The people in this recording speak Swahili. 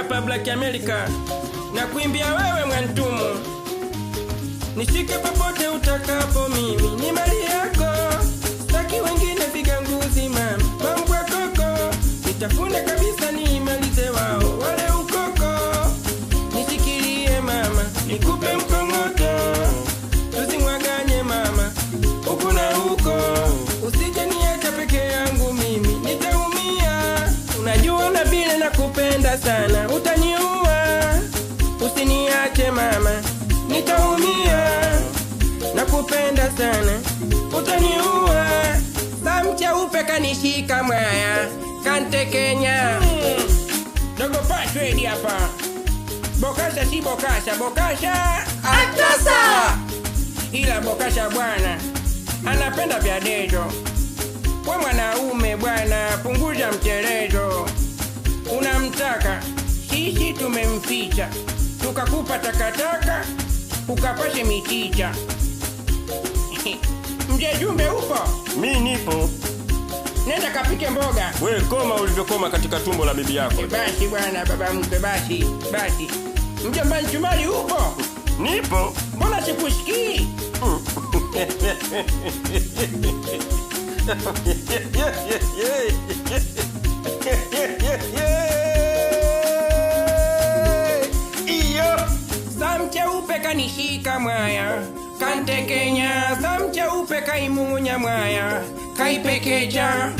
hapa Black America na kuimbia wewe mwentumu, nishike popote utakapo, mimi ni mali yako, taki wengine piga nguzi mama bangwa koko, nitafune kabisa niimalize wao wale ukoko, nishikilie mama nikupe mkongoto, tusimwaganye mama huku na huko, usije niacha peke yangu, mimi nitaumia. Unajua na vile nakupenda sana mama, nitaumia na kupenda sana, utaniua. upe kanishika mwaya, Kenya dogo mm. pashwedi hapa bokasha, si bokasha, bokasha atasa, ila bokasha bwana anapenda vya dejo. We mwanaume bwana, punguza mcherezo, unamtaka sisi tumemficha tukakupa takataka ukapate mitita. Mzee Jumbe upo? Mi nipo. Nenda kapike mboga. We koma ulivyokoma katika tumbo la bibi yako. basi bwana, baba mkwe, basi basi. Mjomba Nchumali upo? Nipo. Mbona sikusikii? kamcheupe kanishika mwaya kantekenya samcheupe kaimung'unya mwaya kaipekeja